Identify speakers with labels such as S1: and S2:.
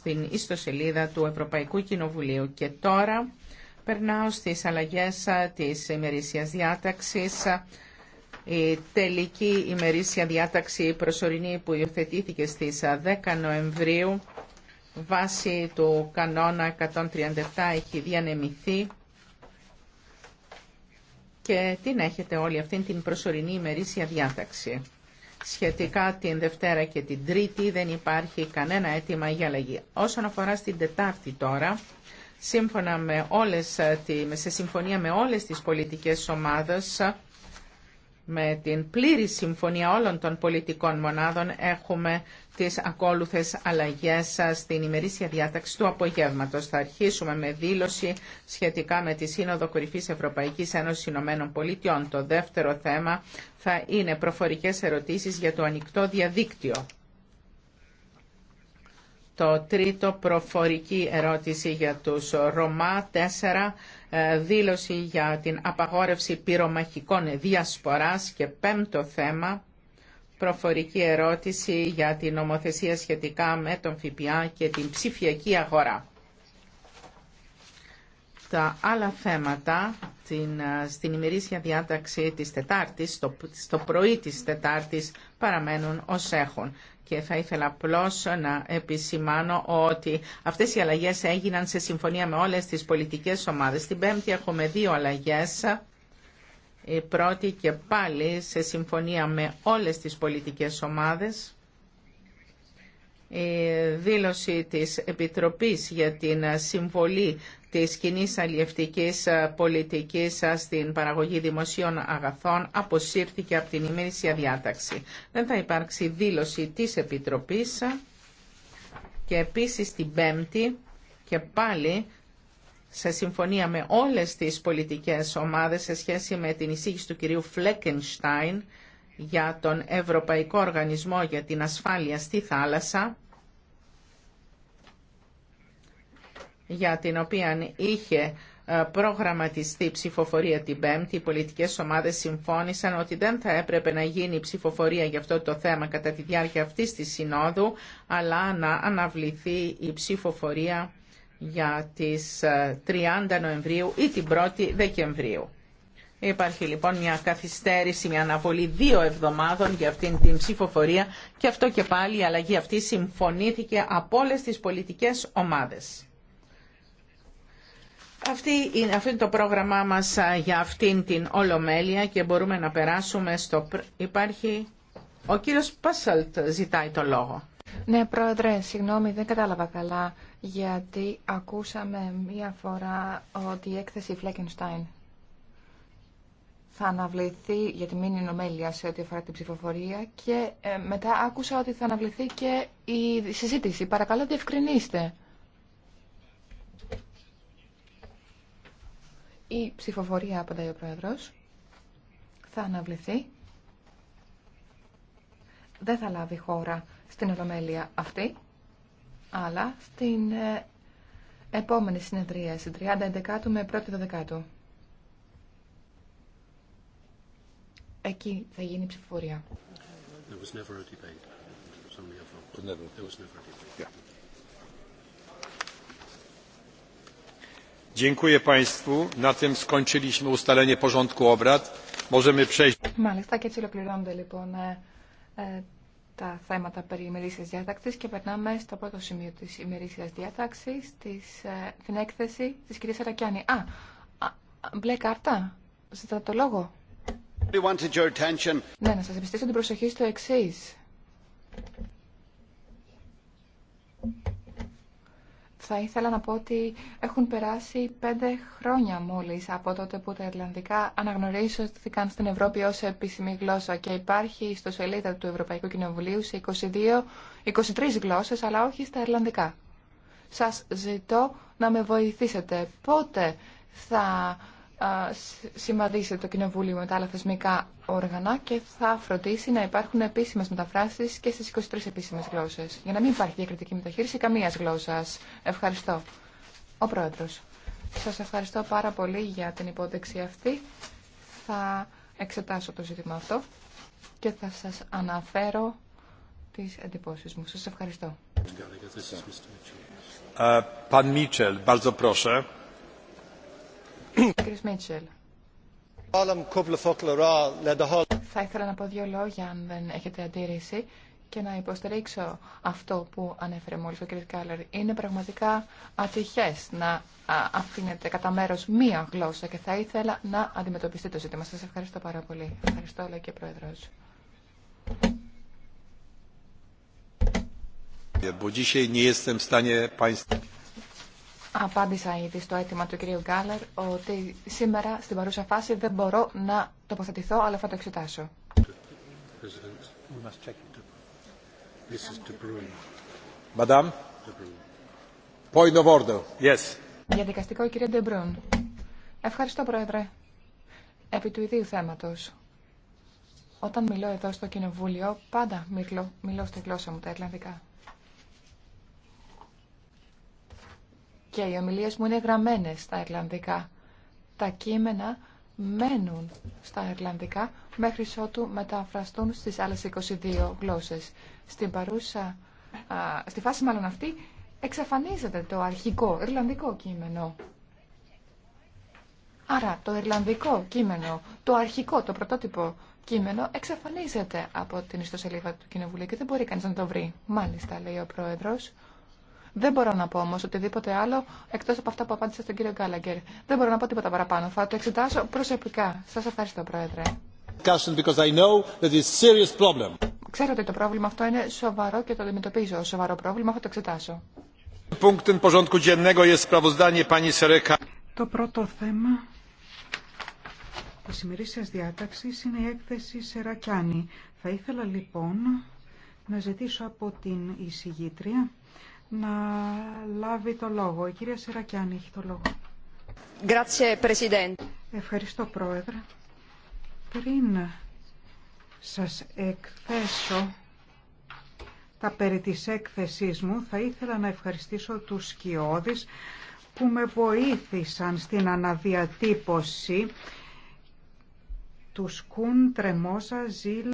S1: στην ιστοσελίδα του Ευρωπαϊκού Κοινοβουλίου. Και τώρα περνάω στις αλλαγές της ημερησία διάταξης. Η τελική ημερήσια διάταξη προσωρινή που υιοθετήθηκε στις 10 Νοεμβρίου βάσει του κανόνα 137 έχει διανεμηθεί και την έχετε όλη αυτή την προσωρινή ημερήσια διάταξη σχετικά την Δευτέρα και την Τρίτη δεν υπάρχει κανένα αίτημα για αλλαγή. Όσον αφορά στην Τετάρτη τώρα, σύμφωνα με όλες, ε, σε συμφωνία με όλες τις πολιτικές ομάδες, με την πλήρη συμφωνία όλων των πολιτικών μονάδων έχουμε τις ακόλουθες αλλαγές στην ημερήσια διάταξη του απογεύματος. Θα αρχίσουμε με δήλωση σχετικά με τη Σύνοδο Κορυφής Ευρωπαϊκής Ένωσης Ηνωμένων Πολιτειών. Το δεύτερο θέμα θα είναι προφορικές ερωτήσεις για το ανοιχτό διαδίκτυο. Το τρίτο προφορική ερώτηση για τους Ρωμά. Τέσσερα ε, δήλωση για την απαγόρευση πυρομαχικών διασποράς. Και πέμπτο θέμα προφορική ερώτηση για την νομοθεσία σχετικά με τον ΦΠΑ και την ψηφιακή αγορά τα άλλα θέματα στην, ε, στην ημερήσια διάταξη της Τετάρτης, στο, στο πρωί της Τετάρτης παραμένουν ως έχουν. Και θα ήθελα απλώ να επισημάνω ότι αυτές οι αλλαγές έγιναν σε συμφωνία με όλες τις πολιτικές ομάδες. Την Πέμπτη έχουμε δύο αλλαγές. Η πρώτη και πάλι σε συμφωνία με όλες τις πολιτικές ομάδες η δήλωση της Επιτροπής για την συμβολή της κοινή αλλιευτικής πολιτικής στην παραγωγή δημοσίων αγαθών αποσύρθηκε από την ημερήσια διάταξη. Δεν θα υπάρξει δήλωση της Επιτροπής και επίσης την Πέμπτη και πάλι σε συμφωνία με όλες τις πολιτικές ομάδες σε σχέση με την εισήγηση του κυρίου Φλέκενστάιν για τον Ευρωπαϊκό Οργανισμό για την Ασφάλεια στη Θάλασσα, για την οποία είχε ε, προγραμματιστεί ψηφοφορία την Πέμπτη, οι πολιτικές ομάδες συμφώνησαν ότι δεν θα έπρεπε να γίνει ψηφοφορία για αυτό το θέμα κατά τη διάρκεια αυτής της Συνόδου, αλλά να αναβληθεί η ψηφοφορία για τις 30 ε, Νοεμβρίου ή την 1η Δεκεμβρίου. Υπάρχει λοιπόν μια καθυστέρηση, μια αναβολή δύο εβδομάδων για αυτήν την ψηφοφορία και αυτό και πάλι η αλλαγή αυτή συμφωνήθηκε από όλε τι πολιτικέ ομάδε. Αυτή αυτό είναι το πρόγραμμά μας για αυτήν την Ολομέλεια και μπορούμε να περάσουμε στο... Υπάρχει... Ο κύριος Πάσσαλτ ζητάει το λόγο.
S2: Ναι, πρόεδρε, συγγνώμη, δεν κατάλαβα καλά, γιατί ακούσαμε μία φορά ότι η έκθεση Φλέκενστάιν θα αναβληθεί για τη μήνυ νομέλεια σε ό,τι αφορά την ψηφοφορία και ε, μετά άκουσα ότι θα αναβληθεί και η συζήτηση. Παρακαλώ διευκρινίστε. Η ψηφοφορία, απαντάει ο Πρόεδρος, θα αναβληθεί. Δεν θα λάβει χώρα στην ολομέλεια αυτή, αλλά στην ε, επόμενη συνεδρίαση, 30 11 με 1η Δεκάτου. Εκεί θα γίνει η ψηφοφορία. Μάλιστα και έτσι ολοκληρώνονται λοιπόν ε, ε, τα θέματα περί ημερήσια διάταξης και περνάμε στο πρώτο σημείο τη ημερήσια διάταξη, ε, την έκθεση τη κυρία Αρακιάνη. Α, μπλε κάρτα, ζητάτε το λόγο. Ναι, να σας επιστήσω την προσοχή στο εξή. Θα ήθελα να πω ότι έχουν περάσει πέντε χρόνια μόλις από τότε που τα Ιρλανδικά αναγνωρίστηκαν στην Ευρώπη ως επίσημη γλώσσα και υπάρχει στο σελίδα του Ευρωπαϊκού Κοινοβουλίου σε 22, 23 γλώσσες αλλά όχι στα Ιρλανδικά. Σας ζητώ να με βοηθήσετε. Πότε θα συμβαδίσει το Κοινοβούλιο με τα άλλα θεσμικά όργανα και θα φροντίσει να υπάρχουν επίσημες μεταφράσεις και στις 23 επίσημες γλώσσες. Για να μην υπάρχει διακριτική μεταχείριση καμίας γλώσσας. Ευχαριστώ. Ο Πρόεδρος. Σας ευχαριστώ πάρα πολύ για την υπόδειξη αυτή. Θα εξετάσω το ζήτημα αυτό και θα σας αναφέρω τις εντυπώσεις μου. Σας ευχαριστώ. Ε, θα ήθελα να πω δύο λόγια, αν δεν έχετε αντίρρηση, και να υποστηρίξω αυτό που ανέφερε μόλις ο κ. Κάλλερ. Είναι πραγματικά ατυχές να αφήνετε κατά μέρο μία γλώσσα και θα ήθελα να αντιμετωπιστεί το ζήτημα. Σας ευχαριστώ πάρα πολύ. Ευχαριστώ, λέει και Πρόεδρος.
S1: Bo dzisiaj nie jestem w stanie
S2: Απάντησα ήδη στο αίτημα του κυρίου Γκάλερ ότι σήμερα στην παρούσα φάση δεν μπορώ να τοποθετηθώ, αλλά θα το εξετάσω. Διαδικαστικό, κύριε Ντεμπρούν. Ευχαριστώ, Πρόεδρε. Επί του ιδίου θέματος. Όταν μιλώ εδώ στο Κοινοβούλιο, πάντα μιλώ, στη γλώσσα μου, τα ελληνικά. και οι ομιλίες μου είναι γραμμένες στα Ιρλανδικά. Τα κείμενα μένουν στα Ιρλανδικά μέχρι ότου μεταφραστούν στις άλλες 22 γλώσσες. Στην παρούσα, στη φάση μάλλον αυτή, εξαφανίζεται το αρχικό Ιρλανδικό κείμενο. Άρα το Ιρλανδικό κείμενο, το αρχικό, το πρωτότυπο κείμενο εξαφανίζεται από την ιστοσελίδα του Κοινοβουλίου και δεν μπορεί κανείς να το βρει. Μάλιστα, λέει ο Πρόεδρος, δεν μπορώ να πω όμω οτιδήποτε άλλο εκτό από αυτά που απάντησα στον κύριο Γκάλαγκερ. Δεν μπορώ να πω τίποτα παραπάνω. Θα το εξετάσω προσωπικά. Σα ευχαριστώ, Πρόεδρε. Ξέρω ότι το πρόβλημα αυτό είναι σοβαρό και το αντιμετωπίζω σοβαρό πρόβλημα. Θα το εξετάσω.
S1: Το πρώτο θέμα της ημερήσιας διάταξης είναι η έκθεση Σερακιάνη. Θα ήθελα λοιπόν να ζητήσω από την εισηγήτρια να λάβει το λόγο. Η κυρία Σερακιάνη έχει το λόγο. Ευχαριστώ, Πρόεδρε. Πριν σας εκθέσω τα περί της έκθεσής μου, θα ήθελα να ευχαριστήσω τους σκιώδεις που με βοήθησαν στην αναδιατύπωση του Σκούν Τρεμόσα ζήλ.